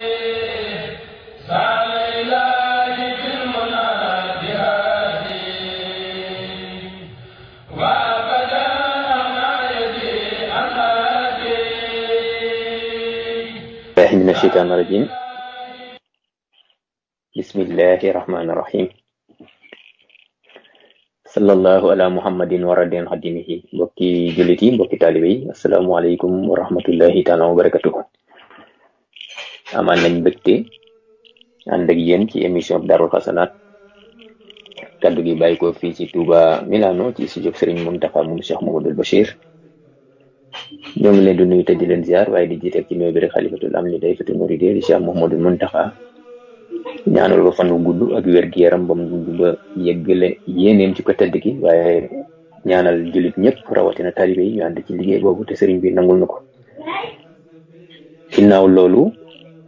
من الشيطان الرجيم بسم الله الرحمن الرحيم صلى الله على محمد ورد خديمه بكي جلتي بكي طالبي السلام عليكم ورحمة الله تعالى وبركاته amaan nañ mbégte ànd ak yéen ci émission bi darul xasanaat kaddu gi bàyyi ko fii ci Touba Milano ci studio Serigne Mountakha moom Cheikh Mouhamadoul Bachir ñoo ngi leen di nuyu te di leen ziar waaye di jiite ak ci nuyu bi rek xalifatul am ni day fatu muride di Cheikh Mouhamadoul Mountakha ñaanal ko fan wu gudd ak wér yaram bam ba yeggale ci ko tedd waaye ñaanal jullit rawatina talibe yi ñu ci liggéey boobu te Serigne bi nangul na ko ginnaaw loolu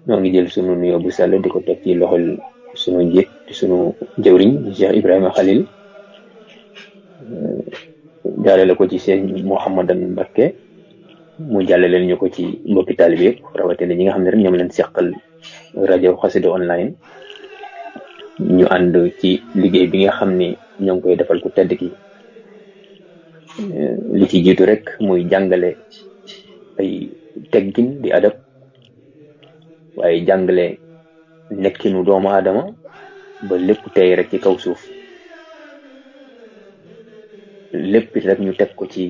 noo ngi jël sunu nuyo bu sell di ko teg ci loxol sunu njiit di sunu jëwriñ Cheikh Ibrahima Khalil eh, jàllale ko ci seen Mouhamadan Mbakke mu jàllale ñu ko ci mbokki taalibe yëpp rawatina ñi nga xam ne rek ñoom leen seqal online ñu ànd ci liggéey bi nga xam ni ñoo ngi koy defal ku tedd ki eh, li ci jiitu rek muy jàngale ay teggin di adab waaye jàngale nekkinu doomu aadama ba lépp tey rek ci kaw suuf lépp rek ñu teg ko ci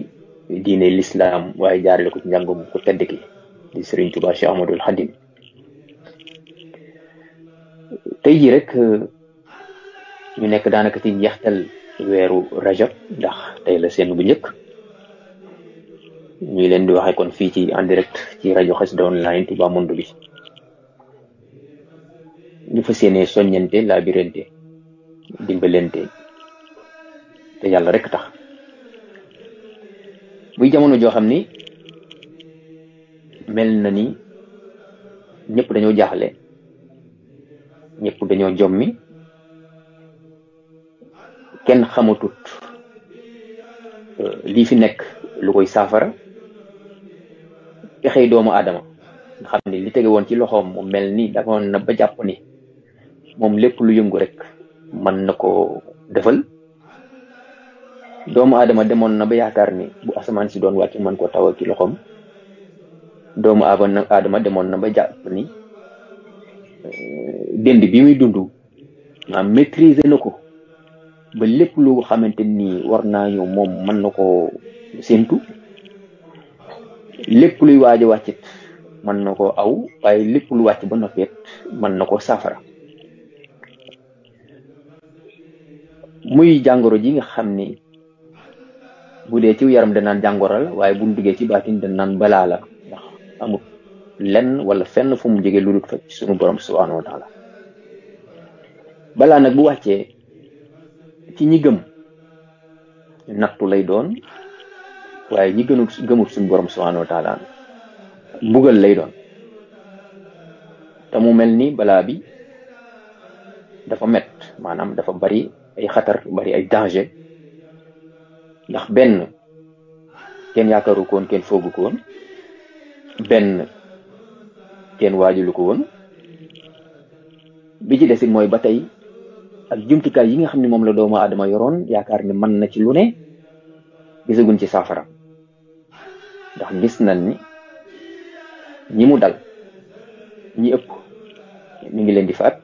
diine lislaam waaye jaarale ko ci njàng bu ko tedd ki di Sëriñ Tuubaa Cheikh Ahmadul tey jii rek ñu nekk daanaka ci njeextal weeru rajot ndax tey la seen bu njëkk ñuy leen di waxee kon fii ci en direct ci rajo Xassida online Touba Monde bi ñu fas yéene soññante laabirante dimbalante te yàlla rek tax muy jamono joo xam ni mel na ni ñëpp dañoo jaxle ñëpp dañoo jommi kenn xamatut euh, lii fi nekk lu koy saafara pexey doomu aadama nga xam ni li tege woon ci loxoom mu mel ni dafa na ba jàpp ni moom lépp lu yëngu rek man na ko defal doomu adama demoon na ba yaakaar ni bu asamaan si doon wàcc mën koo taw ci loxoom doomu aadama demoon na ba jàpp ni eh, dend bi muy dund maanaam maîtriser na ko ba lépp lu xamante ni war naa ñëw moom mën na koo séntu lépp luy waaj a wàccit mën na ko aw waaye lépp lu wàcc ba noppeet mën na koo saafara muy jangoro ji nga xamni ni bu dee ci yaram da nan jangoral waye bu duggee ci batin danaan balaa la ndax amul lenn wala fenn fu mu jógee lulut fa ci sunu borom subhanahu wa taala bala nak bu wàccee ci ñi gëm nattu lay doon waye ñi gënu gëmul suñu borom subhanahu wa taala mbugal lay doon mu ni bi dafa met manam dafa bari ay xatar bari ay danger ndax benn kenn yaakaaru ko woon foogu ko woon benn kenn waajulu ko woon bi ci desit mooy ba tey ak jumtukaay yi nga xam ne moom la doomu adama yoroon yaakaar ni mën na ci lu ne gisaguñ ci saafara ndax gis nañ ni ñi mu dal ñi ëpp mi ngi leen di faat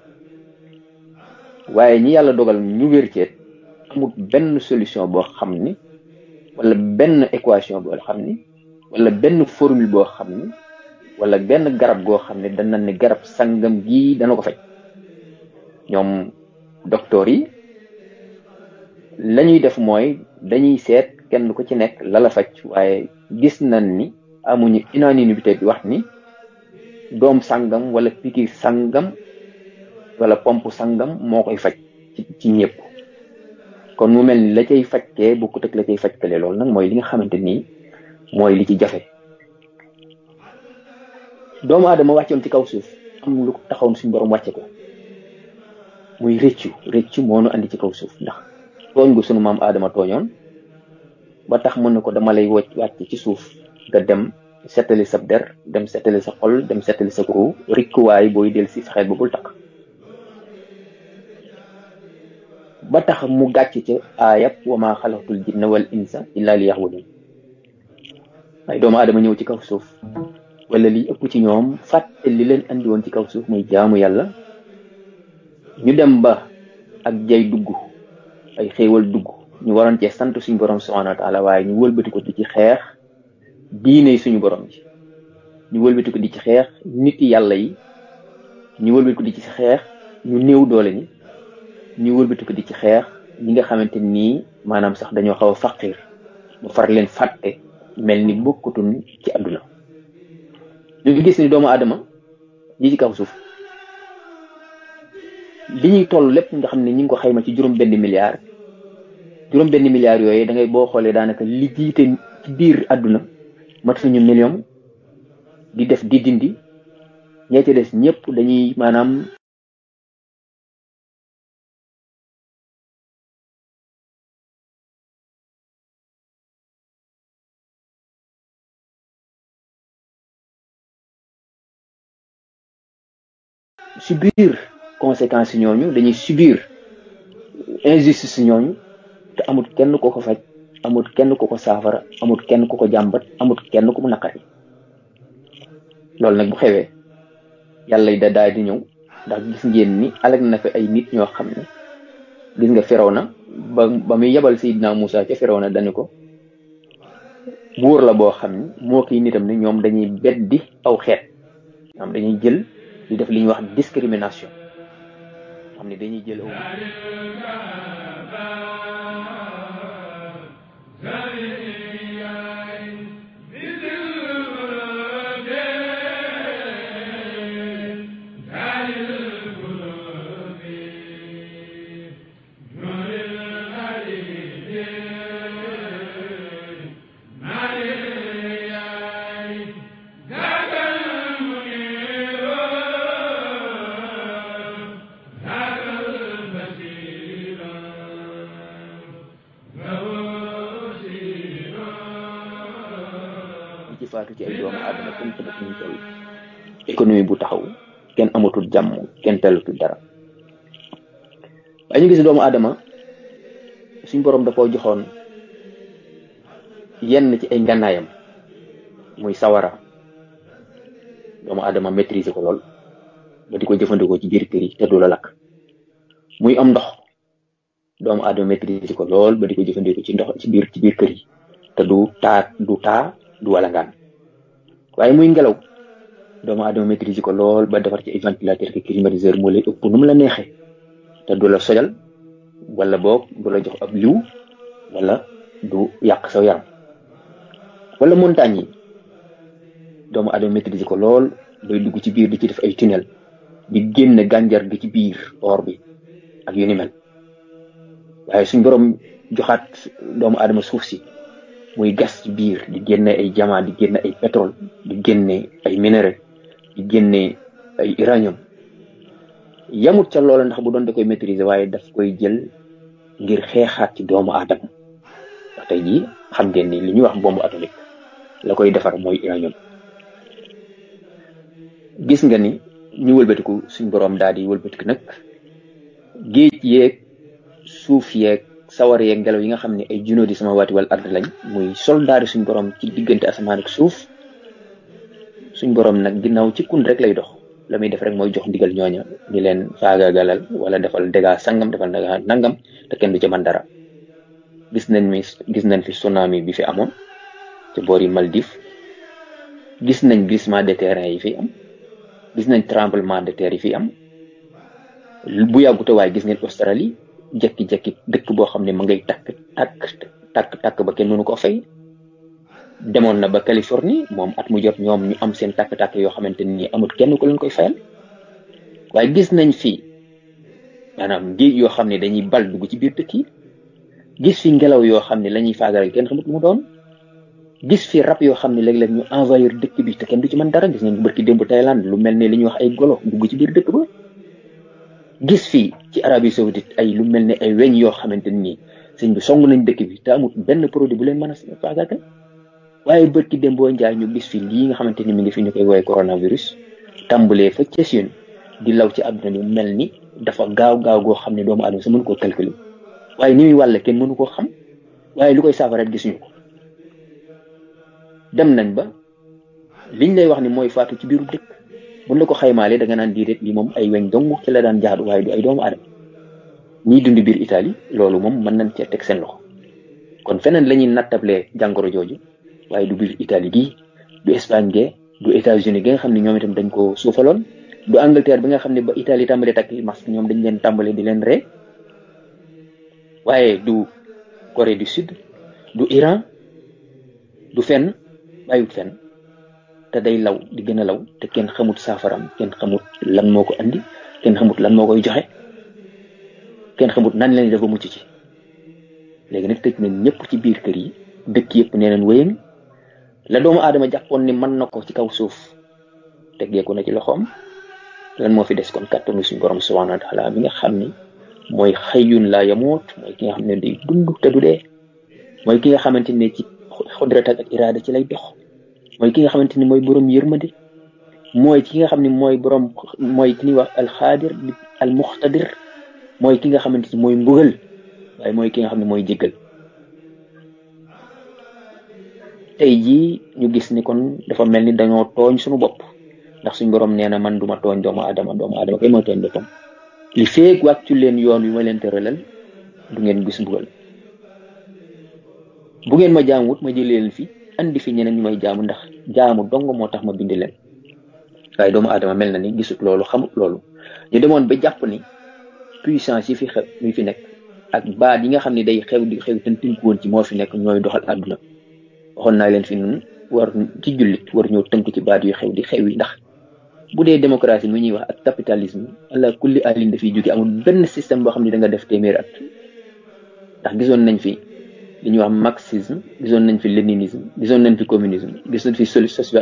waaye ñi yàlla dogal ñu wér ci amul benn solution boo xam ni wala benn équation boo xam ni wala benn formule boo xam ni wala benn garab goo xam ne dana ne garab sangam gii dana ko faj ñoom docteur yi la ñuy def mooy dañuy seet kenn ko ci nekk la la faj waaye gis nañ ni amuñu unanimité bi wax ni doom sangam wala pikir sangam wala pomp sangam moo koy faj ci ci ñëpp kon mu mel ni la cay fajkee ko ak la cay fajkale loolu nag mooy li nga xamante nii mooy li ci jafe doomu aadama wàccoon ci kaw suuf am lu taxawoon suñu borom wàcce ko muy rëccu rëccu moo nu indi ci kaw suuf ndax tooñ gu suñu maam aadama tooñoon ba tax mën na ko dama lay wàcc wàcc ci suuf nga dem settali sab der dem settali sa xol dem settali sa ruu rikkuwaay booy del si fexeel ba bul takk ba tax mu gàcc ca aayab wa maa xalaqtul jinna wal insa illa li yaxbudun ay doomu aadama ñëw ci kaw suuf wala li ëpp ci ñoom fàtte li leen indi woon ci kaw suuf muy jaamu yàlla ñu dem ba ak jay dugg ay xéewal dugg ñu waroon cee sant suñu borom subhanahu wa waaye ñu wëlbati ko di ci xeex diine suñu borom ji ñu wëlbati ko di ci xeex nit yàlla yi ñu wëlbati ko di ci xeex ñu néew doole ñi ñu wëlbatiku di ci xeex ñi nga xamante ni maanaam sax dañoo xaw a faqir mu far leen fàtte mel ni bokkutun ci àdduna ñu gis ni doomu aadama ñi ci kaw suuf li ñuy toll lépp nga xam ne ñu ngi ko xayma ci juróom benn milliard juróom benn milliard yooyu da ngay boo xoolee daanaka li jiite ci biir àdduna mat million di def di dindi ñee ci des ñëpp dañuy maanaam subir conséquences yi ñooñu dañuy subir injustice yi ñooñu te amut kenn ko ko faj amut kenn ko ko saafara amut kenn ko ko jàmbat amut kenn ko mu naqari loolu nag bu xewee yàlla yi da daal di ñëw ndax gis ngeen ni alag na fi ay nit ñoo xam ne gis nga Firawna ba ba muy yebal Seydina Moussa ca na dañu ko buur la boo xam ne moo kii nitam ne ñoom dañuy beddi aw xeet dañuy jël di def li ñuy wax discrimination xam ne dañuy jël aw faatu ci ay doomu aduna kum ci def ñu toll économie bu taxaw ken amatul jam ken tellatul dara waaye ñu gis doomu adama suñ borom dafa koo yenn ci ay ngannaayam muy sawara doomu adama maîtriser ko lol ba diko jëfëndiko ci biir kër yi te du la lak muy am ndox doomu adama maîtriser ko lol ba diko jëfëndiko ci ndox ci biir ci biir kër yi te du ta du ta du ngann waye muy ngelaw doomu adama maîtriser ko lool ba defar ci ventilateur ke climatiseur mo lay upp num la nexé te du la sojal wala bok du la jox ab liw wala du yak saw yaram wala montagne doomu adama maîtriser ko lool doy dugg ci biir di ci def ay tunnel di génn ganjar gi ci biir or bi ak yu ni mel waaye suñ borom joxaat doomu adama suuf si muy gas ci biir di génne ay jamaa di génne ay pétrole di génne ay minerai di génne ay uranium yamut ca loola ndax bu doon da koy maîtriser waaye daf koy jël ngir xeexaat ci doomu aadama ndax tey jii xam ngeen ni li ñuy wax bombe atomique la koy defar mooy uranium gis nga ni ñu wëlbatiku suñ boroom daal di wëlbatiku nag géej yeeg suuf yeeg sawar yeeg ngelaw yi nga xamni ay junoodi di sama waati wal ard lañ muy soldat suñ borom ci diggante asman ak suuf suñ borom nak ginnaw ci kun rek lay dox la def rek moy jox ndigal ñoña di leen galal wala defal dega sangam defal dégâts nangam te kenn du ci man dara gis nañ mi gis nañ fi tsunami bi fi amon ci bori Maldives gis nañ glissement de terrain yi fi am gis nañ tremblement de terre yi fi am bu yàggute waaye gis ngeen Australie jekki-jekki dekk bo xamne ma ngay tak tak tak tak ba kenn ko fay demone na ba Californie mom at mu jot ñom ñu am seen tak tak yo xamanteni ni amut kenn ko leen koy fayal waye gis nañ fi manam gi yo xamne dañuy bal dug ci biir dekk yi gis fi ngelaw yo xamne lañuy la kenn xamut mu doon gis fi rap yo xamne leg leg ñu envahir dekk bi te kenn du ci man dara gis nañ barki dembu thailand lu melni liñ wax ay golo dug ci biir dekk ba gis fii ci Arabie Saoudite ay lu mel ni ay weñ yoo xamante nii sëñ bi song nañ dëkk bi te benn produit bu leen mën a faagaagal waaye bërki dem boo njaay ñu gis fi nga xamante ni mi ngi fi ñu koy woowee coronavirus tàmbalee fa ca Chine di law ci àdduna bi mel ni dafa gaaw gaaw goo xam ne doomu aadama sa mënu koo calculer waaye ni muy wàll kenn mënu koo xam waaye lu koy saafara gis ko dem nañ ba liñ lay wax ni mooy faatu ci biiru dëkk buñ la ko xaymaalee da nga nan diiréet li mom ay weñ dong ci la daan jaadu way du ay doomu adam ñi dund biir italy loolu mom mom nañ ci tek seen loxo kon fenen lañuy natablé jangoro joju jooju du biir italy gi du Espagne gi du États-Unis gi nga xamni ñoom itam dañ ko soufalon du Angleterre bi nga xamni ne ba Italie tàmbalee takk masque ñoom dañ leen tambalé di leen ré waye du Corée du Sud du Iran du fenn bayu fenn te day law di gën law te kenn xamut saafaram kenn xamut lan moo ko andi kenn lan moo koy joxe kenn xamut nan lañ def ba mucc ci léegi nag tëj nañ ñëpp ci biir kër yi dëkk yëpp nee nañ wéyeen la doomu aadama jàppoon ni mën na ko ci kaw suuf teggeeku na ci loxoom lan moo fi des kon kàttanu suñu borom subhanahu wa taala mi nga xam ni mooy xëyun laa yamuut mooy ki nga xam ne day dund te du dee mooy ki nga xamante ne ci xodrat ak iraada ci lay dox mooy ki nga xamante ni mooy borom yërmande mooy ki nga xam ne mooy borom mooy ki ñuy wax al alxaadir al muxtadir mooy ki nga xamante ni mooy mbugal waaye mooy ki nga xam ne mooy jéggal tey jii ñu gis ni kon dafa mel ni dañoo tooñ suñu bopp ndax suñu borom nee na man duma tooñ doomu adama doomu adama kay mooy tooñ boppam li feeg ci leen yoon yu ma leen tëralal du ngeen gis mbugal bu ngeen ma jaamut ma jëlee leen fi indi fi ñeneen ñu may jaamu ndax jaamu dong moo tax ma bind leen waaye doomu aadama mel na ni gisut loolu xamut loolu ñu demoon ba jàpp ni puissance yi fi xew yi fi nekk ak baat yi nga xam ne day xew di xew te tënku ci moo fi nekk ñooy doxal àdduna waxoon naa leen fi nun war ci jullit war ñoo tënk ci baat yu xew di xew yi ndax bu dee démocratie mu ñuy wax ak capitalisme ala kulli alin dafiy jóge amul benn système boo xam ne da nga def téeméer at ndax gisoon nañ fi li ñuy wax marxisme gisoon nañ fi léninisme gisoon nañ fi communisme gis nañ fi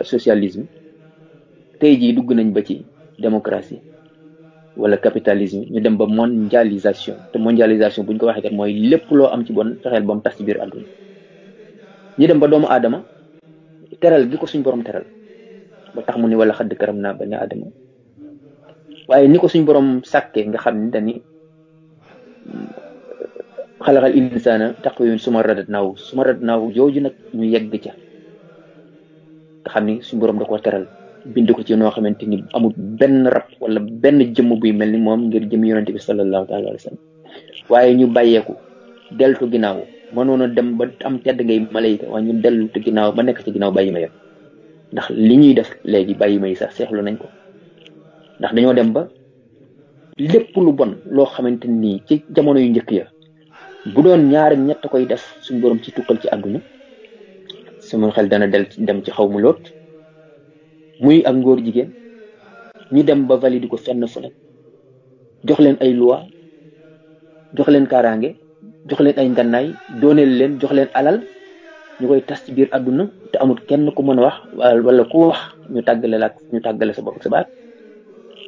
socialisme tey jii dugg nañ ba ci démocratie wala capitalisme ñu dem ba mondialisation te mondialisation bu ko waxee mooy lépp loo am ci bon fexeel ba mu tas ci biir àdduna ñu dem ba doomu aadama teral gi ko suñ borom teral ba tax mu ni wala xadd karam naa ba ne aadama waaye ni ko suñ borom sàkkee nga xam ni dañi xalaxal insaana taqwiim suma radadnaahu suma radadnaahu jooju nag ñu yegg ca nga xam ni suñu borom da koo teral bind ko ci noo xamante ni amul benn rab wala benn jëmm buy mel ni moom ngir jëm yonente bi sallallahu taala alayhi wa waaye ñu bàyyeeku deltu ginnaaw mënoon a dem ba am tedd ngay malayka waaye ñu dellu te ginnaaw ba nekk ci ginnaaw bàyyi ma yem ndax li ñuy def léegi bàyyi ma yi sax seexlu nañ ko ndax dañoo dem ba lépp lu bon loo xamante nii ci jamono yu njëkk ya bu doon ñaari ñett koy def suñu borom ci tukkal ci àdduna sama xel dana dem ci xaw mu loot muy ak ngóor jigéen ñu dem ba valide ko fenn fu ne jox leen ay loi jox leen kaaraange jox leen ay ngannaay dooneel leen jox leen alal ñu koy tas ci biir àdduna te amut kenn ku mën a wax wala ku wax ñu tàggale la ñu tàggale sa bopp sa baat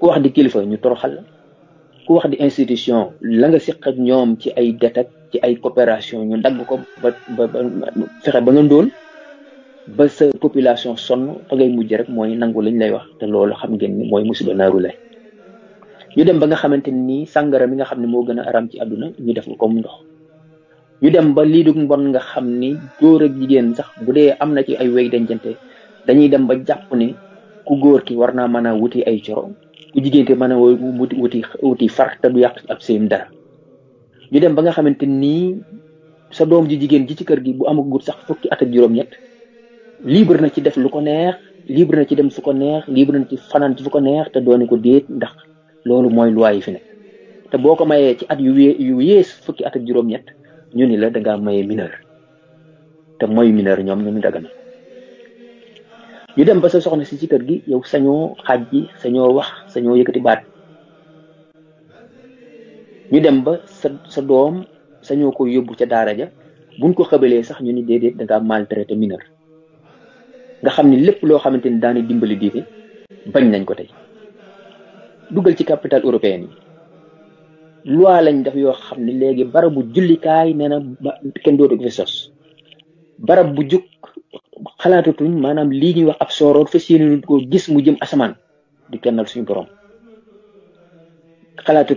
ku wax di kilifa ñu toroxal la ku wax di institution la nga siq ak ñoom ci ay det ci ay coopération ñu dagg ko ba ba fexe ba nga ndóol ba sa population son fa ngay mujj rek moy nangul lañ lay wax te loolu xam ngeen ni moy musiba naru lay ñu dem ba nga xamanteni ni sangara mi nga xamni mo gëna aram ci aduna ñu def ko mu ndox ñu dem ba li dug mbon nga xamni ni ak jigen sax bu dee ci ay wéy dencante dañuy dem ba japp ni ku goor ki warna mëna wuti ay ciorom ku jigen ki mëna wuti wuti wuti far te du yàq ab seen dara ñu dem ba nga xamanteni ni sa doom ji jigéen ji ci kër gi bu amagut sax fukki at ak juróom-ñett libre na ci def lu ko neex libre na ci dem su ko neex libre na ci fanan ci fu ko neex te doone ko déet ndax loolu mooy loi yi fi ne te boo ko ci at yu yu yees fukki at ak juróom-ñett ñu ni la da ngaa maye mineur te mooy mineur ñoom ñu dagana ñu dem ba sa soxna si ci kër gi yow sañoo xaj ji sañoo wax sañoo yëkkati baat ñu dem ba sa sa doom sañoo ko yóbbu ca daara ja buñ ko xabalee sax ñu ni déedéet da ngaa maltraité mineur nga xam ni lépp loo xamante ni daana dimbali diine bañ nañ ko tey dugal ci capital européen yi loi lañ def yoo xam ne léegi barabu jullikaay nee na kenn dootu ko fi sos barab bu jug xalaatatuñ maanaam lii ñuy wax ab sooroor fas yéene ko gis mu jëm asamaan di kenn suñu borom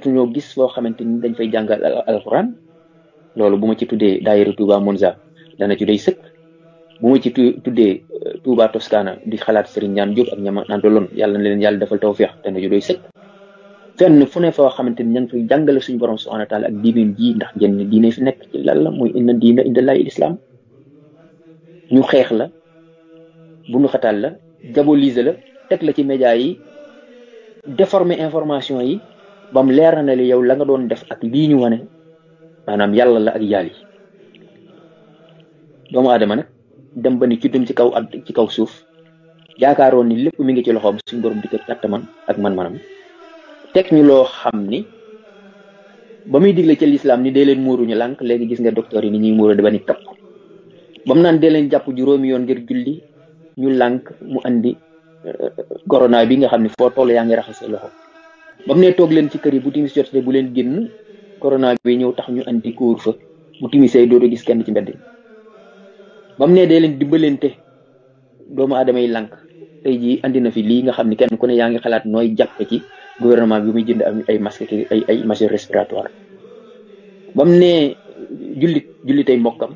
ñoo gis loo xamante ni dañ fay jàngal alquran loolu bu ma ci tuddee daayiru Monza dana ci doy sëkk bu ma ci tuddee eh, Toscana di xalaat Serigne Ñaan Diop ak ñama àndaloon yàlla na leen yàlla defal tawfiq dana ci doy sëkk kan fenn fu ne foo xamante ni fay jàngale suñu borom subhanahu wa taala ak diineen ji ndax jenn diine fi nekk ci lan la muy inna diina inda lahi islam ñu xeex la bu nu xataal la diaboliser la teg la ci media yi déformer information yi Bam mu leer na ne yow la nga doon def ak li ñu wone manam yalla la ak do mo adama nak dem ba ni ci dum ci kaw ad ci kaw suuf yaakaaroon ni lepp mi ngi ci loxom suñ borom dikk kattaman ak man-manam tek ñu lo xamni ba muy digle ci l'islam ni dee leen muuru ñu lank léegi gis nga docteur yi ni ñuy muuroo di ni naan dee leen jàpp yoon ngir julli ñu lank mu andi euh, corona bi nga xamni fo toll yaa ngi loxo ba mu ne toog leen ci kër yi bu timis jotee bu leen génn corona bi ñëw tax ñu andi couvre-feu bu timisee doodo gis kenn ci mbedd ba ne dee leen dimbalante doomu aadama yi lànk tey jii andi na fi lii nga xam ne kenn ku ne yaa ngi xalaat nooy jàppe ci gouvernement bi muy jënd am ay masque ki ay ay machine respiratoire ba mu ne jullit jullitay mbokkam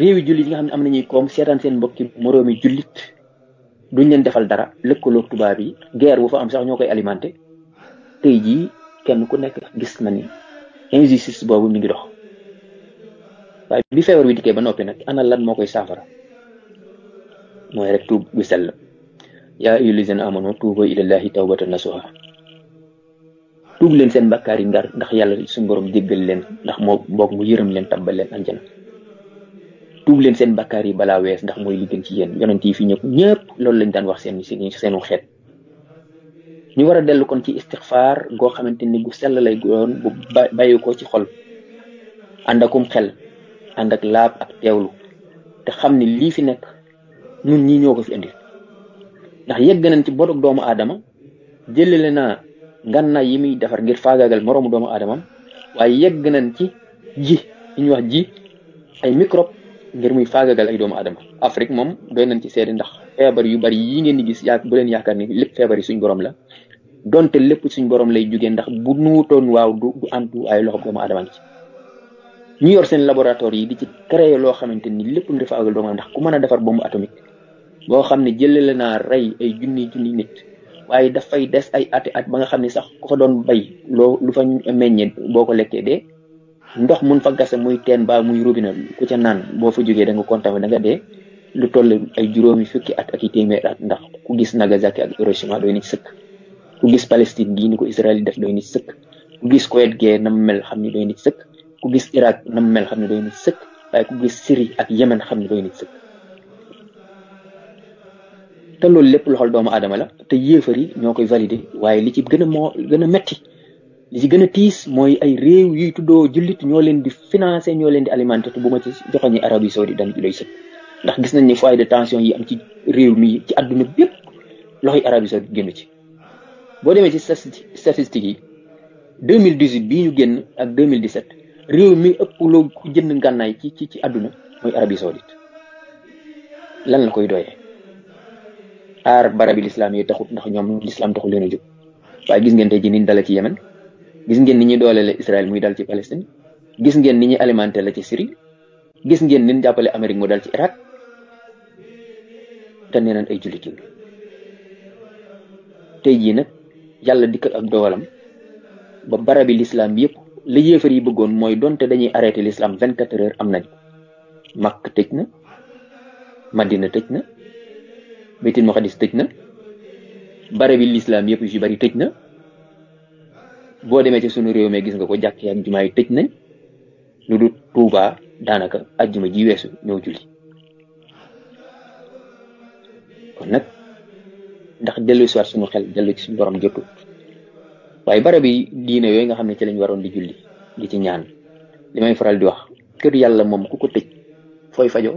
réewi jullit yi nga xam ne am nañuy koom seetaan seen mbokki moroomi jullit duñ leen defal dara lëkkaloo tubaab yi guerre bu fa am sax ñoo koy alimenté tey ji kenn ku nekk gis na ni injustice boobu mi ngi dox waaye bi feebar bi dikkee ba noppi nag ana lan moo koy saafara mooy rek tuub gu sell yaa ayyuhal lazina amanu ila ilallahi tawbatan nasuha tuub leen seen bàkkaar yi ndar ndax yàlla suñu borom jéggal leen ndax moo boog mu yërëm leen tabbal leen anjana tuub leen seen bàkkaar yi balaa wees ndax mooy li gën ci yéen yonent yi fi ñëpp ñëpp loolu lañ daan wax seen seen seenu xeet ñu war a dellu kon ci istixfaar goo xamante ni gu sell lay doon bu bàyyi ko ci xol ànd akum xel ànd ak laab ak teewlu te xam ni lii fi nekk ñun ñii ñoo ko fi indi ndax yegg nañ ci bodog doomu aadama jëlale naa ngànnaay yi muy defar ngir faagaagal moroomu doomu aadamam waaye yegg nañ ci ji li ñuy wax ji ay microbe ngir muy faagagal ay doomu aadama Afrique moom doy nañ ci seede ndax feebar yu bari yi ngeen di gis yaa bu leen yaakaar ni lépp feebar yi suñ borom la donte lépp suñ borom lay jugee ndax bu nuutoon waaw du du am du ay loxo doomu aadama ngi ci ñu yor seen laboratoire yi di ci créer loo xamante ni lépp lu dafa agal ndax ku mën a defar bombe atomique boo xam ne jëlale naa rey ay junni junni nit waaye dafay des ay ati at ba nga xam ne sax ku fa doon bay loo lu fa meññee boo ko lekkee de ndox mun fa gase muy teen ba muy robinet ku ca naan boo fa jógee da nga contaminé da dee lu toll ay juróomi fukki at ak i téeméer at ndax ku gis naga Nagasaki ak Hiroshima doy na ci sëkk ku gis Palestine gii ni ko Israël yi def doy nit sëkk ku gis Kuwait gee nam mel xam ni doy nit sëkk ku gis Irak nam mel xam ni doy nit sëkk waaye ku gis Syrie ak Yemen xam ni doy nit sëkk te loolu lépp loxol doomu adama la te yéefar yi ñoo koy valider waaye li ci gën moo gën a metti li ci gën a tiis mooy ay réew yuy tuddoo jullit ñoo leen di financer ñoo leen di alimenter te bu ma ci joxoñi Arabie Saoudite dañ ci doy sëkk ndax gis nañ ni foyer de tension yi am ci réew mi ci àdduna bépp loxoy Arabie Saoudite génn ci boo demee ci statistiques yi 2018 bii ñu génn ak 2017 réew mi ëpp loo ku jënd ngànnaay ci ci ci àdduna mooy Arabie Saoudite lan la koy doyee aar barabi lislaam yi taxut ndax ñoom lislaam taxul leen a jóg waaye gis ngeen te ji niñ dala ci Yemen gis ngeen ni ñuy dooleel Israël muy dal ci Palestine gis ngeen ni ñuy alimenté la ci Syrie gis ngeen ni jàppale Amérique mu dal ci Irak te nee ay jullit yi tey jii nag. yàlla dikkal ak dogalam ba barabi lislaam bi yëpp li yi bëggoon mooy donte dañuy arrêté lislaam vingt quatre heures am nañ Makk tëj na Madina tëj na Baytul Maqdis tëj na barabi lislaam yëpp yu ci bari tëj na boo demee ci sunu réew mi gis nga ko jàkk ak jumaa yi tëj nañ lu du Tuubaa daanaka ak ajjuma ji weesu ñëw julli kon nag ndax delu ci suñu xel delu ci suñu borom jottu waye barab yi diine yoy nga xamne ci lañu waron di julli di ci ñaan limay faral di wax keur yalla mom ku ko tëj fajo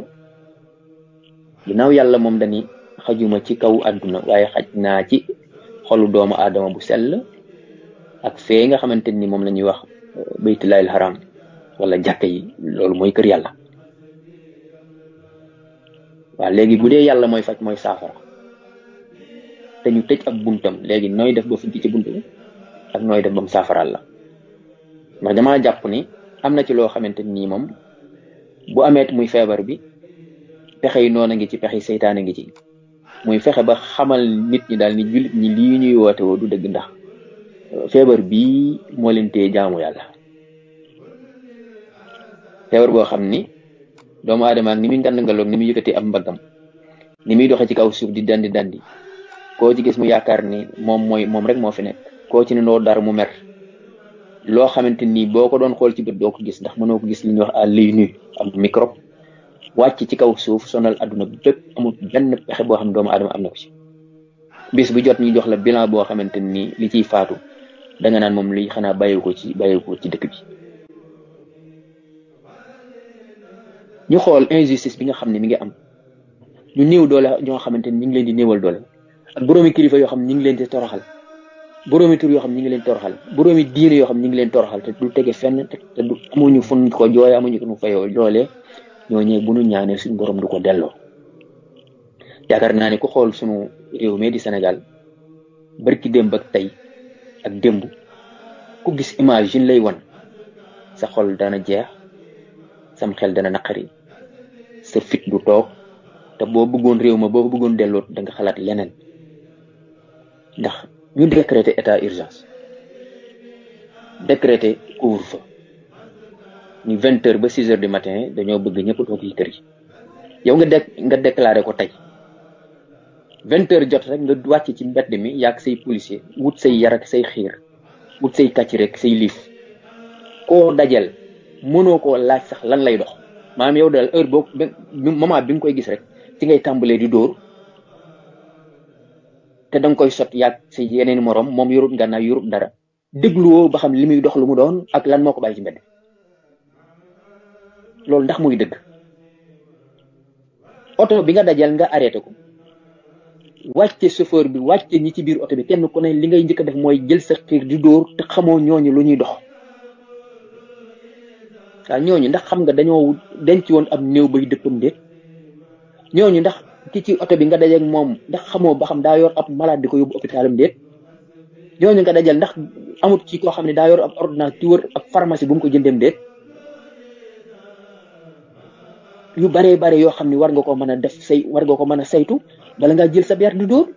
ginaaw yalla mom dani xajuma ci kaw aduna waye xajna ci xolu doomu adama bu sel ak fe nga xamanteni ni lañuy wax euh, baytullaahil haram wala jàkka yi lolou moy keur yalla wa léegi budé yalla moy fajj moy safara te ñu tej ak buntam legi noy def bo fi ci buntu ak noy def bam safaral la ma dama japp ni amna ci lo xamanteni ni mom bu amet muy febar bi pexey yi noonu ngi ci pexey setan ngi ci muy fexé ba xamal nit ñi dal ni julit ñi li ñuy woote wo du deug ndax euh, febar bi mo leen téye jaamu yalla febar bo xamni ni doomu ak ni muy ngalok ni muy yëkëti ab mbagam ni muy doxé ci kaw suuf di dandi dandi koo ci gis mu yaakaar ni moom mooy moom rek moo fi nekk koo ci ne noo dar mu mer loo xamante ni boo ko doon xool ci bët doo ko gis ndax mënoo ko gis li ñuy wax à l'œil nu am microbe wàcc ci kaw suuf sonal adduna bépp amul benn pexe boo xam ne doomu aadama am na ko ci bis bu jot ñu jox la bilan boo xamante ni li ciy faatu da nga naan moom li xanaa bàyyi ko ci bàyyi ko ci dëkk bi ñu xool injustice bi nga xam ne mi ngi am ñu néew doole ñoo xamante ni ñu ngi leen di néewal doole ak boroomi kilifa yoo xam ñi ngi leen di toroxal boroomi yoo xam ñi ngi leen toroxal boroomi diine yoo xam ñi ngi leen toroxal te du tege fenn te du amuñu fun ko jooyee amuñu ko fayoo ñoo ñooñee bu nu ñaanee suñu borom du ko delloo yaakaar naa ne ku xool sunu réew mi di Sénégal barki démb ak tey ak démb ku gis image yi lay wan sa xol dana jeex sam xel dana naqari sa fit du toog te boo bëggoon réew ma boo bëggoon delloo danga xalaat leneen ndax ñu décrété état urgence décrété couvre-feu ñu vingt ba six heures du matin dañoo bëgg ñëpp toog ci kër yi yow nga de nga déclaré ko tey vingt jot rek nga wàcc ci mbedd mi yàgg say policier wut say yar ak say xiir wut say kàcc rek say liif koo dajal mënoo ko laaj sax lan lay dox maam yow daal heure boobu moment bi nga koy gis rek ci ngay tàmbalee di dóor te dang koy sot yak ci yeneen morom mom yurup ganna yurup dara wo ba xam limuy dox lu mu doon ak lan moko bay ci mbedd loolu ndax muy deug auto bi nga dajal nga arrêté ko wacce chauffeur bi wacce ñi ci biir auto bi kenn ku ne li ngay njëkk def moy jël sa xir di door te xamoo ñooñu lu ñuy dox ñooñu ndax xam nga dañoo denc won am neew bay deppum ñooñu ndax ki ci auto bi nga dajé ak mom ndax xamoo ba xam da yor ab malade diko yobbu yóbbu hôpitalam déet ñooñu nga dajal ndax amut ci ko xamni da yor ab ordonnance ci wër ab pharmacie bu mu ko jëndem deet yu bare bare yo xamni war nga ko mëna def say war nga ko mëna a saytu bala nga jël sa bière du door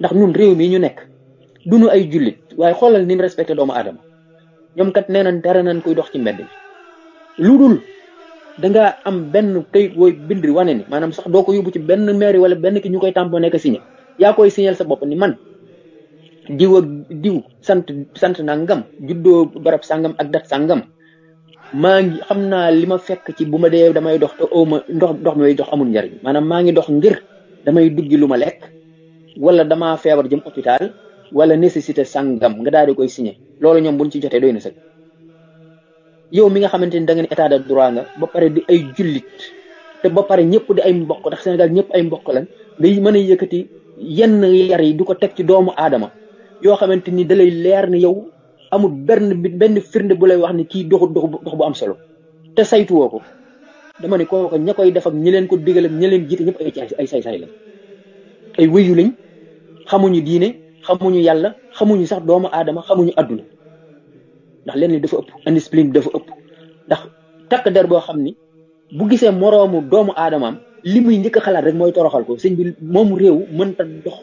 ndax ñun réew mi ñu nekk dunu ay jullit waye xolal nin respecté doomu Adam, ñom kat nenañ dara nañ koy dox ci ludul dangaa am benn kayit wooy bind wane ni maanaam sax doo ko yóbbu ci benn mairie wala benn ki ñu koy tamponné ko signé yaa koy signal sa bopp ni man diw ak diw sant sant nangam juddoo barab sangam ak dat sangam maa ngi xam naa li ma fekk ci bu ma dee damay dox te aw ma ndox ndox mi dox amul njariñ maanaam maa ngi dox ngir damay dugg lu ma lekk wala damaa feebar jëm hôpital wala nécessité sangam nga daal di koy signé loolu ñoom buñ ci jotee doy na sëg yow mi nga xamante ni da ngeen état de droit nga ba pare di ay jullit te ba pare ñëpp di ay mbokk ndax Sénégal ñëpp ay mbokk lan day mën a yëkkati yenn yar yi du ko teg ci doomu aadama yoo xamante ni dalay leer ni yow amul benn benn firnde bu lay wax ni kii doxu dox bu am solo te saytuwoo ko dama ne kooku ña koy def ak ñi leen ko digal ak ñi leen jiite ñëpp ay ay say-say lañ ay wéyu lañ xamuñu diine xamuñu yàlla xamuñu sax doomu aadama xamuñu adduna ndax lenn dafa ëpp indiscipline dafa ëpp ndax takk der boo xam ni bu gisee moroomu doomu aadamaam li muy njëkk xalaat rek mooy toroxal ko sëñ bi moomu réew mënta dox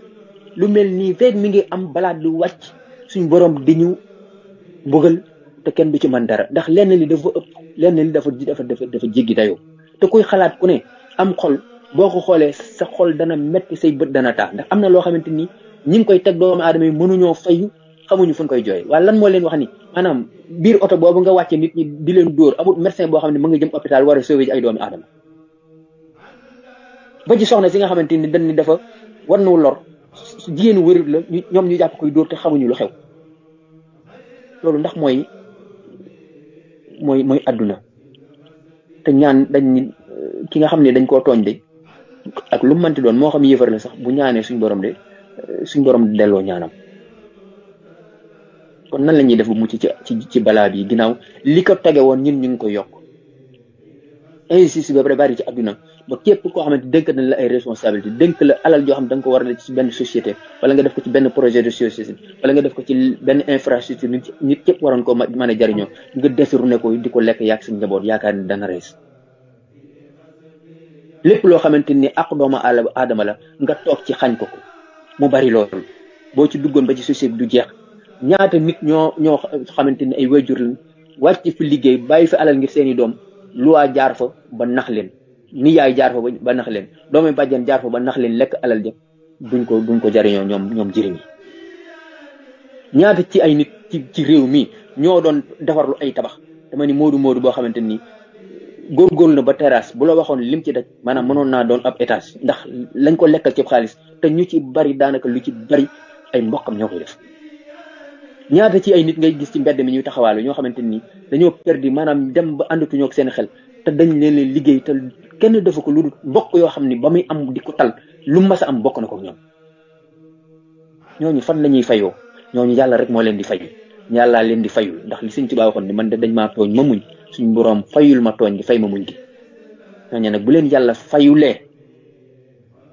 lu mel nii mi ngi am balaat lu wàcc suñ borom di ñu mbugal te kenn du ci mën dara ndax lenn li dafa ëpp lenn li dafa dafa dafa dafa jéggi dayoo te kuy xalaat ku ne am xol boo ko xoolee sa xol dana metti say bët dana taa ndax am na loo xamante ni ñi ngi koy teg doomu aadama yi mënuñoo fayu xamuñu fu ñu koy jooy waaye lan moo leen wax ni maanaam biir oto boobu nga wàcce nit ñi di leen dóor amul médecin boo xam ne mu nga jëm hôpital war a sauver ji ay doomi aadama ba ci soxna si nga xamante ni dañ dafa war nu lor jigéenu wërit la ñoom ñu jàpp koy dóor te xamuñu lu xew loolu ndax mooy mooy mooy àdduna te ñaan dañ ki nga xam ne dañ koo tooñ de ak lu mu mënti doon moo xam yéefar la sax bu ñaanee suñ borom de suñ borom delloo ñaanam kon nan la ñuy def bu mucc ci ci ci balaa bi ginnaaw li ko tege woon ñun ñu ngi ko yokk injustice ba bari ci àdduna ba képp koo xamante dénk nañ la ay responsabilité dénk la alal joo xam da nga ko war a def ci benn société wala nga def ko ci benn projet de société nga def ko ci benn infrastructure nit nit képp waroon koo mën a jariñoo nga ne ko di ko lekk yàq sa njaboot yaakaar ni danga rees lépp loo xamante ni ak doomu aadama la nga toog ci xañ ko ko mu bari loolu boo ci duggoon ba ci société bi du jeex ñaata nit ñoo ñoo xamante ne ay wayjur lañ wàcc fi liggéey bàyyi fi alal ngir seeni doom luwaa jaar fa ba nax leen yaay jaar fa ba nax leen doomi bàjjan jaar fa ba nax leen lekk alal ja duñ ko duñ ko jariñoo ñoom ñoom jëriñi ñaata ci ay nit ci réew mi ñoo doon defarlu ay tabax dama ni moodu moodu boo xamante ni góorgóorlu na ba terrasse bu la waxoon lim ci daj maanaam mënoon naa doon ab étage ndax lañ ko lekkal ci xaalis te ñu ci bari daanaka lu ci bari ay mbokkam ñoo koy ñaata ci ay nit ngay gis ci mbedd mi ñuy taxawaalu ñoo xamante ni dañoo perdi maanaam dem ba àndatuñoo ak seen xel te dañ leen leen liggéey te kenn defu ko lu dul mbokk yoo xam ni ba muy am di ko tal lu mas a am bokk na ko ñoom ñooñu fan la ñuy fayoo ñooñu yàlla rek moo leen di fay yàllaa leen di fayul ndax li siñ sëñ Tuubaa waxoon ni man de dañ maa tooñ ma muñ suñ boroom fayul ma tooñ gi fay ma muñ gi ñooñu nag bu leen yàlla fayulee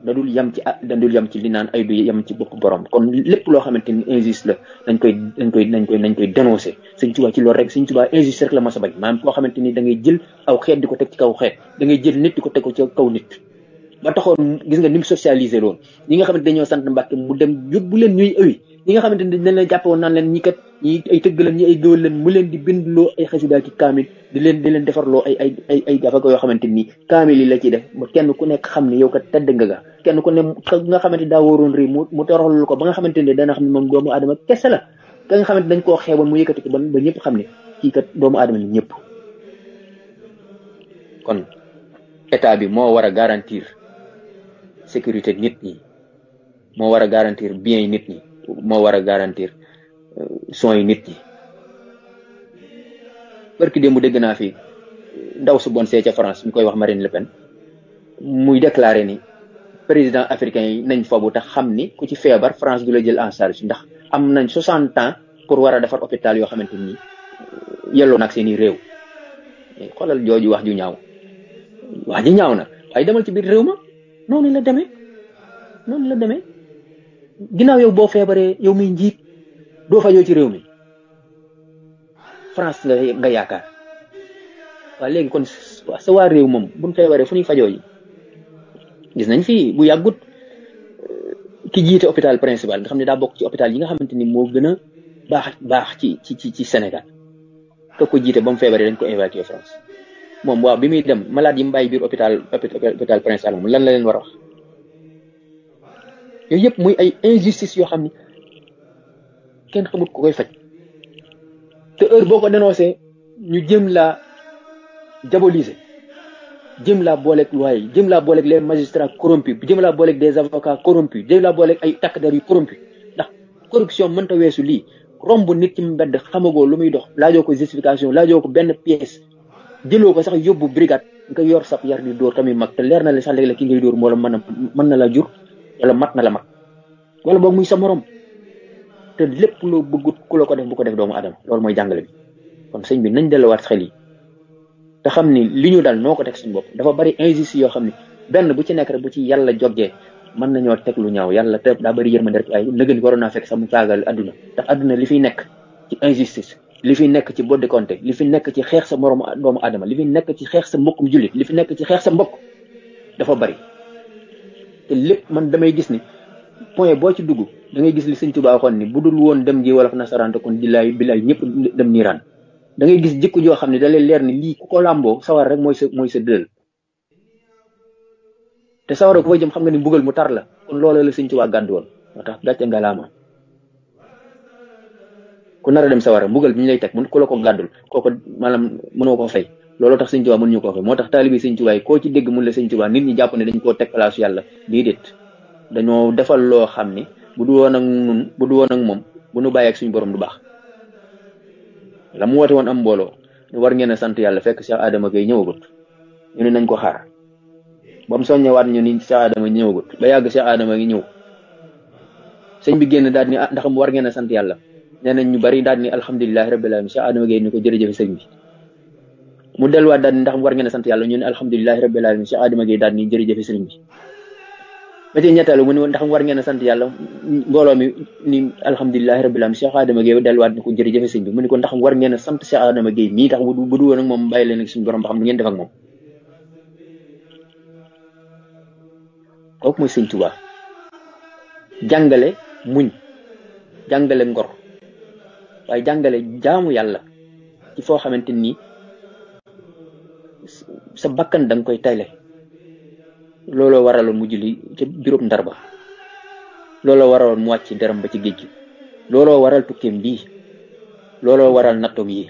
dadul yam ci ah dadul yam ci li naan ay du yam ci bopp borom kon lépp loo xamante ni injuste la dañ koy dañ koy dañ koy dañ koy dénoncé sëñ Tuubaa ci loolu rek sëñ Tuubaa injuste rek la mas a bañ maanaam koo xamante ni da jël aw xeet di ko teg ci kaw xeet da ngay jël nit di ko teg ko ci kaw nit ba taxoon gis nga ni mu socialisé loolu ñi nga xamante dañoo sant Mbàkke mu dem yóbbu leen ñuy ëwi ñi nga xamante ni dañ leen jàppoon naan leen ñi kat ñi ay tëgg la ñi ay gëwal lañ mu leen di bindloo ay xasida ki kaamil di leen di leen defarloo ay ay ay ay gafaka yoo ni kaamil yi la ci def ba kenn ku nekk xam ne yow kat tedd nga ga kenn ku ne nga xamante daa waroon réew mu mu toroxlul ko ba nga xamante ne dana xam ne moom doomu aadama kese la ka nga xamante dañ koo xeeboon mu yëkkati ko ba ba ñëpp xam ne kii kat doomu aadama la ñëpp kon état bi moo war a garantir sécurité nit ñi moo war a garantir bien nit ñi moo war a garantir son nit ñi barki dausubuan deug na fi ndaw su bon ca France mi koy wax Marine Le Pen muy déclarer ni président africain yi nañ fobu tax xamni ku ci France du la jël en charge ndax am nañ 60 ans pour wara a defar hôpital yo xamanteni yello nak seni rew i eh, réew wax ju ñaaw wax ju ñaaw na ay demal ci biir rew ma noonu la démé eh? noonu la démé eh? ginaaw yow bo feebaree yow mi njit doo fajoo ci réew mi France la nga yaakaar waa léegi kon sa waa réew moom buñ feebaree fu ñuy fajoo yi gis nañ fi bu yàggut euh, ki jiite hôpital principal nga xam ne daa bokk ci hôpital yi nga xamante ni moo gën a baax baax ci ci ci Sénégal te ko jiite ba feebaree dañ ko évacué France moom waaw bi muy dem malade yi mu bàyyi biir hôpital hôpital principal moom lan la leen war a wax yooyu yëpp ay injustice yoo xam ni kenn xamut ku koy faj te heure boo ko dénoncé ñu jëm laa diaboliser jëm laa booleeg loyer yi jëm laa booleeg les magistrats corrompus jëm laa booleeg des avocats corrompus jëm laa booleeg ay takk der yu corrompus ndax corruption ta weesu lii romb nit ci mbedd xamagoo lu muy dox laajoo ko justification laajoo ko benn pièce jëloo ko sax yóbbu brigade nga yor sab yar di dóor tamit mag te leer na la sax léeg-léeg ki ngay dóor moo la na la jur wala mat na la mag wala boog muy sa morom te lépp loo bëggut ku la ko def bu ko def doomu adama loolu mooy jàngale bi kon sëñ bi nañ delluwaat xel yi te xam ni li ñu dal noo ko teg suñu bopp dafa bari injustice yoo xam ni benn bu ci nekk rek bu ci yàlla jogee mën nañoo teg lu ñaaw yàlla te daa bari yërmande rek waaye nëgën waroon naa fekk sax mu caagal adduna ndax adduna li fi nekk ci injustice li fi nekk ci boddi konte li fi nekk ci xeex sa moromu doomu adama li fi nekk ci xeex sa mbokkum jullit li fi nekk ci xeex sa mbokk dafa bari te lépp man damay gis ni point boo ci dugg da ngay gis li seigne touba waxoon ni budul won dem ji wala nasaraan te kon dilay bilay ñëpp dem ran da ngay gis jikko jo xamni da lay leer ni li ku ko sawar rek moy moy sa dël te sawar ko fa jëm xam nga ni bugal mu tar la kon loolu la seigne touba gànd won motax gatcha ngalama ku nara dem sawara bugal biñ lay tek mu ko lako ko koko manam mëno ko fay looloo tax seigne touba mënu ko fay motax talibi seigne touba ko ci mu la seigne touba nit ñi japp ne dañ ko tek place dañoo defal lo xamni bu du woon ak bu du woon ak moom bu nu bàyyeeg suñu borom du baax la mu woote woon am mbooloo war ngeen a sant yàlla fekk Cheikh Adama Gueye ñëwagut ñu nañ ko xaar ba mu soññewaat ñu ni Cheikh Adama ñëwagut ba yàgg Cheikh Adama ngi ñëw sëñ bi génn daal di ni ah ndax war ngeen a sant yàlla nee nañ ñu bari daal di ni alhamdulilahi rabbil alamin Cheikh Adama Gueye ni ko jërëjëf sëñ bi mu delluwaat daal ndax war ngeen a sant ñu ne alhamdulilahi rabbil alamin Cheikh Adama daal di ni jërëjëf sëñ bi ba ci ñettal mu ni ndax war ngeen sant yàlla mbooloo mi ni Alhamdulillah rabbil alamin cheikh adama gueye dal ni ko jërëjëfe sëñ bi mu ni ko ndax war ngeen sant cheikh adama gueye mi tax bu du won ak mom bàyyi leen ak suñu borom xam ngeen def ak mom ok moy sëñ touba jàngale muñ jàngale ngor waaye jàngale jaamu yàlla ci foo xamante ni sa bakkan dang koy tayle looloo waraloon mu julli ca juróom ndarba looloo waraloon mu wàcc daram ba ci géej gi looloo waral tukkeem bii looloo waral nattoom yi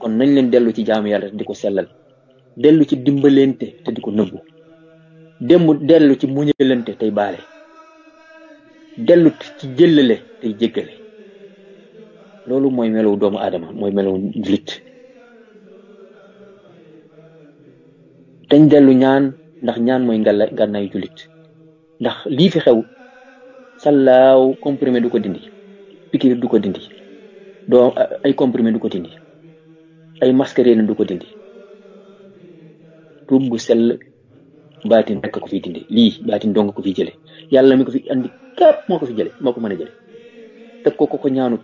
kon nañ leen dellu ci jaamu yàlla di ko sellal dellu ci dimbaleente te di ko nëbbu démb dellu ci muñëlante tey baale dellu ci jëllale tey jéggale loolu mooy meluw doomu aadama mooy meluw lit dañ delu ñaan ndax ñaan moy gannay julit ndax li fi xew salaaw comprimé du ko dindi pikir du ko dindi do ay comprimé du ko dindi ay masque du ko dindi gu batin rek ko fi dindi li batin dong ko fi jele yalla mi ko fi andi kep moko fi jele moko meuna jele te ko ko ñaanu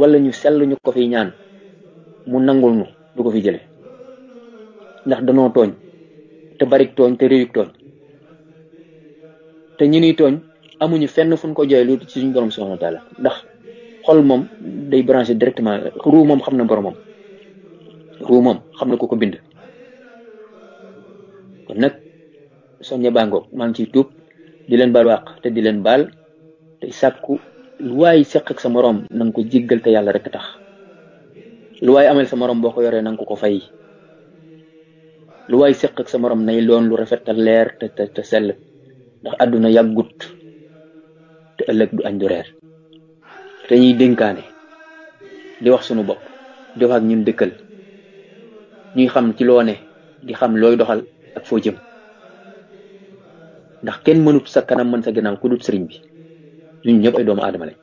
wala ñu sel ñu ko fi ñaan mu nangul ñu du ko fi jele ndax te barik tooñ te réyug tooñ te ñini niy amuñu fenn fuñ ko joy lu ci suñu borom subhanahu wa taala ndax xol mom day hamna directement ru mom xamna borom mom ru mom xamna ko ko bind kon nak soñe bango man ci tup di len bal wax te di len bal te sakku lu way sekk ak sa morom nang ko jigal te yalla rek tax lu way amel sa morom boko ko nang ko ko fay lu way sekk ak sa morom nay loon lu rafet te leer te te te sell ndax aduna yagut te ëllëg du añ du reer te ñuy di wax sunu bopp di wax ñun dëkkal ñuy xam ci loone di xam looy doxal ak foo jëm ndax kenn mënut sa kanam mën sa gannaaw ku dut sëriñ bi ñun ñëpp ay doomu aadama lañ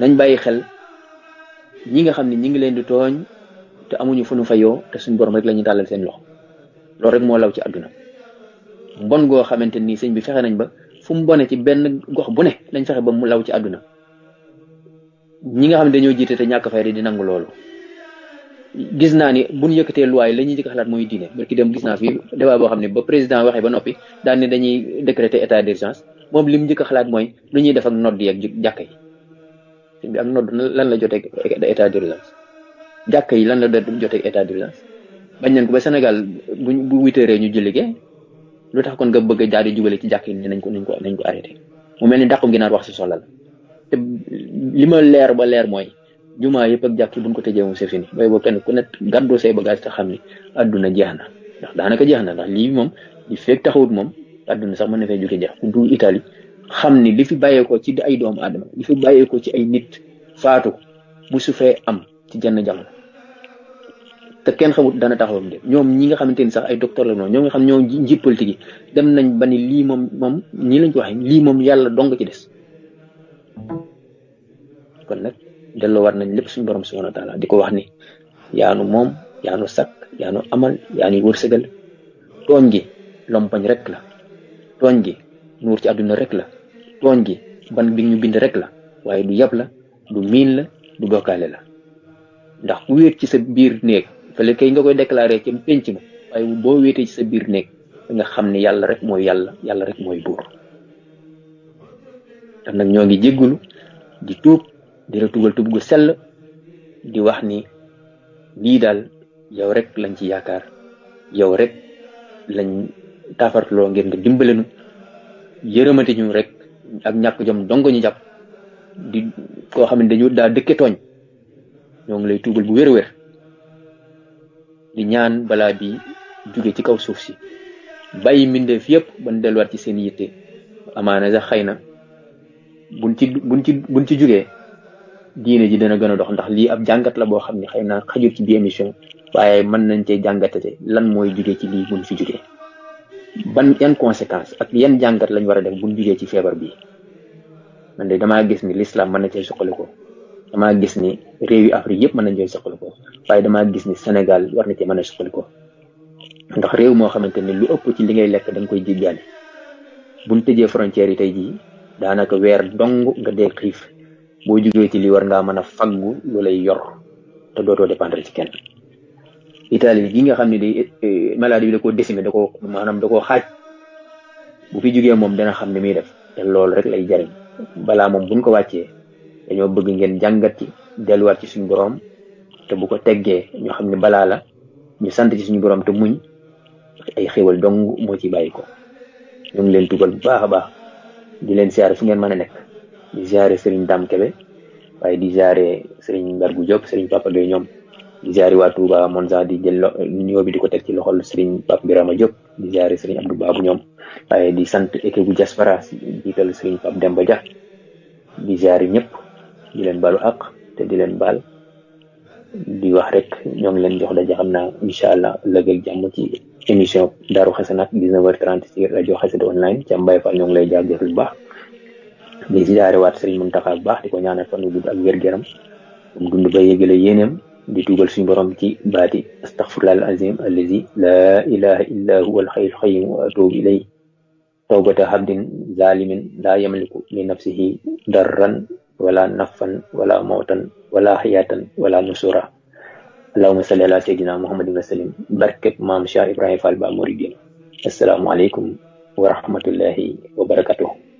nañ bàyyi xel ñi nga xam ne ñi ngi leen di tooñ te amuñu fu nu fayoo te suñu borom rek lañu dalal seen lox loolu rek mo law ci aduna bon go xamanteni ni bi fexé nañ ba fu mu boné ci benn gox bu né lañ fexé ba mu law ci aduna ñi nga xam ne dañoo jiite te ñak fay di nang loolu gis na ni bu ñu yëkkatee loi yi la ñuy njëkk xalaat mooy barki dem gis na fi débat bo xam ba président waxé ba nopi daan ni dañuy décréter état d'urgence mom lim jikko xalat moy lu ñuy def ak nodd yi ak jakkay yi bi ak nodd lan la jotté état d'urgence jàkk yi lan la doon jotee état d'urgence bañ nañ ko ba Sénégal bu bu witeeree ñu julli ge lu tax kon nga bëgg a jaar di jubale ci jàkk yi nañ ko nañ ko nañ ko arrêté mu mel ni gi ginaar wax si soxla te li ma leer ba leer mooy jumaa yëpp ak jàkk yi buñ ko tëjee moom c'est fini booy boo kenn ku ne gàddoo say bagage te xam ni àdduna jeex na ndax daanaka jeex na ndax lii moom li fekk taxawut moom àdduna sax mën na fee jóge jeex ku du Italie xam ni li fi bàyyeekoo ci ay doom aadama li fi bàyyeekoo ci ay nit faatu bu su fee am ci jenn jam te kenn xamut dana taxawam de ñoom ñi nga xamante ni sax ay docteur la ñoo ñoom nga xam ñoo njiit politique yi dem nañ ba ni lii moom moom lañ ko waxee lii moom yàlla dong ci des kon nag delloo war nañ lépp suñu borom subhanahu wa taala di ko wax ni yaanu moom yaanu sak yaanu amal yaanu wërsëgal tooñ gi lompañ rek la tooñ gi nuur ci àdduna rek la tooñ gi ban bi ñu bind rek la waaye du yab la du miin la du bokkaale la ndax ku wéet ci sa biir néeg fële kay nga koy déclaré ci penc ma waaye boo wéetee ci sa biir néeg nga xam ne yàlla rek mooy yàlla yàlla rek mooy buur tam nag ñoo ngi jéggulu di tuub di la tugal gu sell di wax ni lii daal yow rek lañ ci yaakaar yow rek lañ taafartaloo ngir nga dimbale nu yërëmati ñu rek ak ñàkk jom dong ñu jàpp di koo xam ne dañu daa dëkke tooñ ñoo ngi lay tuubal bu wér-wér di ñaan balaa bi jóge ci kaw suuf si bàyyi mbindeef yëpp ban delluwaat ci seen yitte amaana sax xëy na buñ ci buñ ci buñ ci jógee diine ji dana gën a dox ndax lii ab jàngat la boo xam ne xëy naa xajul ci bi émission waaye mën nañ cee jàngatate lan mooy jugee ci lii buñ fi jógee ban yan conséquence ak yan jàngat lañ war a def buñ jógee ci feebar bi man de damaa gis ni l'islam mën na cee suqali ko dama gis ni réew yi afrique yépp mën nañ joy ko waaye dama gis ni sénégal war na ci mën a ko ndax réew moo xamante lu ëpp ci li ngay lekk da nga koy jéggaani buñ tëjee frontière yi tey jii daanaka weer dong nga dee xiif boo jógee ci li war ngaa mën a faggu lu lay yor te dootoo dépendre ci kenn italie gi nga xam ne day eh, maladie bi da koo décimé da koo maanaam da koo xaaj bu fi moom dana xam ni muy def te loolu rek lay jariñ balaa moom buñ ko wàccee dañoo bëgg ngeen jàngati delluwaat ci suñu borom te bu ko teggee ñu xam ne balaa la ñu sant ci suñu borom te muñ ay xéwal dong moo ci bàyyi ko ñu ngi leen tugal bu baax a baax di leen siyaare fu ngeen mën a nekk di siyaare sëriñ Dam Kebe waaye di siyaare sëriñ mbar gu jóg sëriñ Papa Doy ñoom di siyaare waa Touba Monza di jël lo nuyoo bi di ko teg ci loxol sëriñ Papa rama jóg di siyaare sëriñ Abdou baabu ñoom waaye di sant équipe bu jaspara jiital sëriñ Papa Demba Dia di siyaare ñëpp di leen baalu àq te di leen baal di wax rek ñoo ngi leen jox daje xam naa incha allah ëllëg ak jàmm ci émission Daaru Xasanat 19h30 ci rajo Xassida online ci Mbaye Fall ñoo ngi lay jaajëfal bu baax di siyaare waat Sëriñ Muntaxa bu baax di ko ñaanal fan wu gudd ak wér-gu-yaram um dund ba yégale yéeneem ci baati astaghfirullah al azim allazi la ilaha illa huwa al xayyul xayyim wa atubu ilayhi tawbata abdin zalimin la yamliku li nafsihi darran wala nafan wala mawtan wala xayaatan wala nusura allahuma salli ala sayyidina muhammadin wa sallim barkeb maam Cheikh Ibrahima Fall ba muridin assalaamu aleykum wa rahmatullahi wa barakatuh